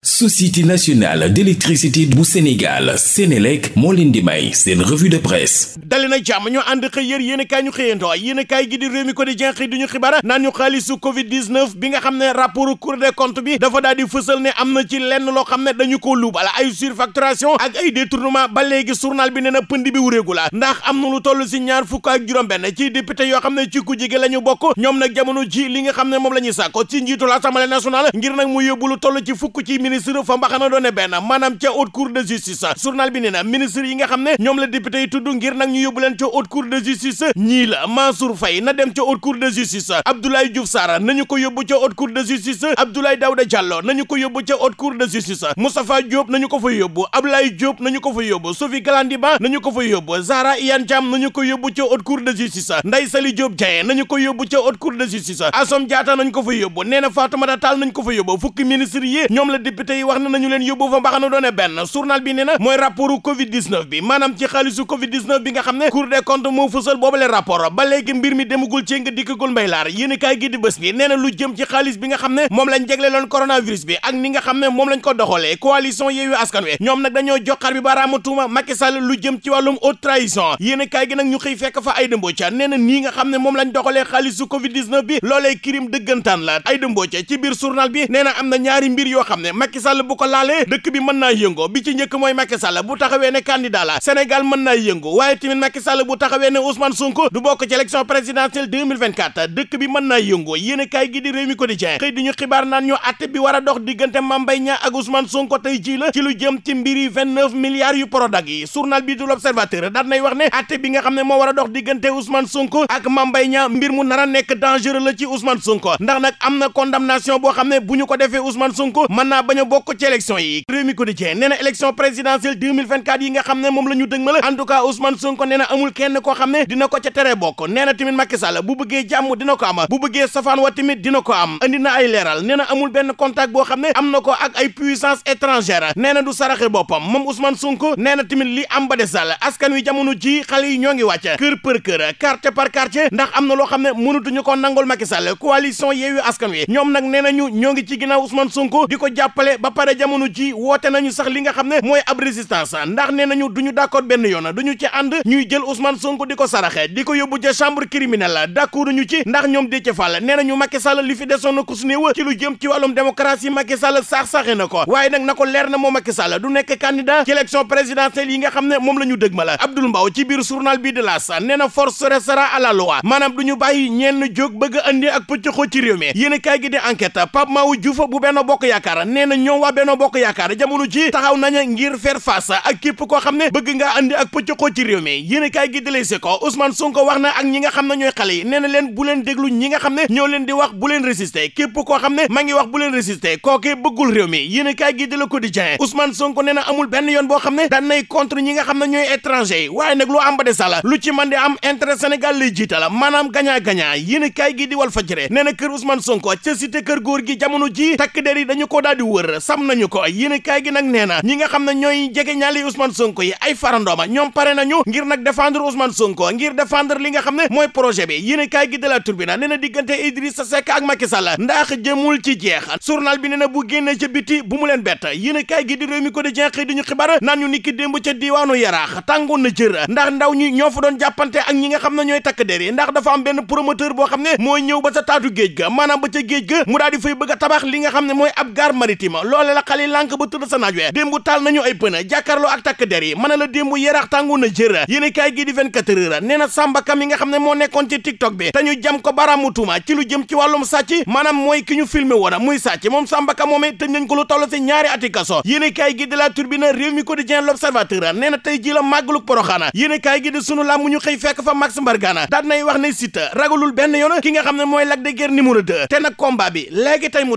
société nationale d'électricité bu Sénégal Sénélec moo leen di may seen revue de presse dali na jàmm ñoo ànd xëy yér i ñu xëyandoo yéen i kaay gi di réew mi ko di jenqi di ñu xibaar naan ñu xaalisu covid bi nga xam ne rapport Cour des comptes bi dafa daal di ne am na ci lenn loo xam ne dañu ko luubal ay surfacturation ak ay détournement ba léegi journal bi nee na pënd bi wuréegu la ndax am na lu toll si ñaar fukk ak juróom benn ci député yoo xam ne ci ku jige la ñu bokk ñoom nag jamono ne moom la ñuy sàkko ci njiitul Assemblée ministre fa mbaxana doone benn maanaam ca haute cour de justice journal bi nee na ministre yi nga xam ne ñoom la député yi tudd ngir nag ñu yóbbu leen ca haute cour de justice ñii la Mansour na dem ca haute cour de justice Abdoulaye Diouf Sarr nañu ko yóbbu ca haute cour de justice Abdoulaye Daouda Diallo nañu ca haute cour de justice Moustapha Diop nañu fa yóbbu Ablaye Diop nañu ko fa fa yóbbu Zahra Iyane Thiam nañu ko ca yóbbu ca haute de justice Assome Diatta député yi wax na nañu leen yóbbu fa mbaxana doone benn journal bi nee na mooy rapportu covid 19 bi maanaam ci xaalisu covid 19 bi nga xam ne cour des comptes moo fësal boobale rapport ba léegi mbir mi demagul ci nga dikkagul mbay laar yéen i kaay gi di bés bi nee na lu jëm ci xaalis bi nga xam ne moom lañ jegle loon coronavirus bi ak ni nga xam ne moom lañ ko doxalee coalition Yewwi Askan Wi ñoom nag dañoo joxar bi baaraama tuuma Macky sal lu jëm ci wàllum haute trahison yéen i gi nag ñu xëy fekk fa Aïda Mbodj nee na nii nga xam ne moom lañ doxalee xaalisu covid 19 bi loolee crime dëggantaan la Aïda Mbodj ci biir journal bi nee na am na ñaari mbir yoo xam ne Macky Sall bu ko laalee dëkk bi mën naa yëngoo bi ci njëkk mooy Macky Sall bu taxawee ne candidat la Sénégal mën naa yëngu waaye tamit Macky Sall bu taxawee ne Ousmane Sonko du bokk ci élection présidentielle 2024 dëkk bi mën naa yëngoo yéen a kaay gi di Rewmi Quotidien xëy di ñu xibaar naan ñu atte bi war a dox diggante Mame Mbaye Niang ak Ousmane Sonko tey ji la ci lu jëm ci mbiri 29 milliards yu Prodac yi journal bi du L'Observateur daan nay wax ne atte bi nga xam ne moo war a dox diggante Ousmane Sonko ak Mame Mbaye Niang mbir mu nar a nekk dangereux la ci Ousmane Sonko ndax nag am na condamnation boo xam ne bu ñu ko defee Ousmane Sonko bañ a bokk ci présidentielle yi nga xam ne moom la ñu dëgmal en tout cas Ousmane Sonko amul kenn koo xam ne dina ko ca tere bokk nee na tamit bu bëggee jàmm dina ko am bu bëggee safaan wa tamit dina ko am andi na ay leeral nee na amul benn contact boo xam ne am na ko ak ay puissance étrangère nee du saraxe boppam moom Ousmane Sonko nee na li am ba desal askan wi jamono ji xale yi ñoo ngi wàcc kër par kër quartier par jàppale ba pare jamono ji woote nañu sax li nga xam ne mooy ab résistance ndax nee nañu du ñu d'accord benn yoon du ñu ci ànd ñuy jël Ousmane Sonko di ko saraxe di ko yóbbu ca chambre criminelle d'accord ñu ci ndax ñoom Déthié Fall nee nañu Macky Sall li fi desoon na ku su ci lu jëm ci wàllum démocratie Macky Sall saax na ko waaye nag na ko leer na moom Macky Sall du nekk candidat ci élection présidentielle yi nga xam ne moom la ñu dëgmal Abdoul Mbaw ci biir journal bi de L'As nee na force restera à la loi maanaam bëgg a a kaay gi di enquête Pape Mawu Diouf bu bokk yaakaar ñoom waa Benno Bokk Yaakaar jamono ji taxaw nañu ngir faire face ak képp koo xam ne bëgg nga andi ak pëccëxoo ci réew mi yéen a kaay gi délesé ko Ousmane Sonko wax na ak ñi nga xam ne ñooy xale yi nee na leen bu leen déglu ñi nga xam ne ñoo leen di wax bu leen résister képp koo xam ne ma ngi wax bu leen résister kooke bëggul réew mi yéen a kaay gi di Le Quotidien Sonko nee amul benn yoon boo xam ne daan nay contre ñi nga xam ne ñooy étranger yi waaye nag lu am lu ci man di am intérêt Sénégal lay maanaam gagnant gagnant yéen a kaay gi di Walf Fadjri nee na kër Ousmane Sonko ca cité kër góor gi jamono ji takk ko daal di wër heure sam nañu ko yéenekaay gi nag nee na ñi nga xam ne ñooy jege ñaali Ousmane Sonko yi ay farandooma ñoom pare nañu ngir nag défendre Ousmane Sonko ngir défendre li nga xam ne mooy projet bi yéenekaay gi de la Tribune nee na diggante Idrissa Seck ak Macky Sall ndax jëmul ci jeex journal bi nee na bu génnee ca biti bu mu leen bett yéenekaay gi di Rewmi Quotidien xëy di ñu xibaar naan ñu niki démb ca diwaanu Yaraax tàngoon na jër ndax ndaw ñi ñoo fa doon jàppante ak ñi nga xam ne ñooy takk der yi ndax dafa am benn promoteur boo xam ne mooy ñëw ba ca taatu géej ga maanaam ba ca géej ga mu daal di fay bëgg tabax li nga xam ne mooy ab gare xadima loole la xali lànk ba tëdd sa naaj démb taal nañu ay pëna jàkkaarloo ak takk der yi mën a la démb yarax tàngoon na jër yéen kaay gi di 24 heures nee na Samba Kam yi nga xam ne moo nekkoon ci tiktok bi te ñu jam ko baraamu tuuma ci lu jëm ci wàllum sàcc maanaam mooy ki ñu filmé woon muy sàcc moom Samba Kam moome tëj nañ ko lu toll si ñaari ati kaso yéen kaay gi di la Tribune réew mi quotidien di sunu làmb ñu xëy fekk benn yoon ki nga xam ne mooy Lac de Guiers numéro 2 te nag combat bi léegi tey mu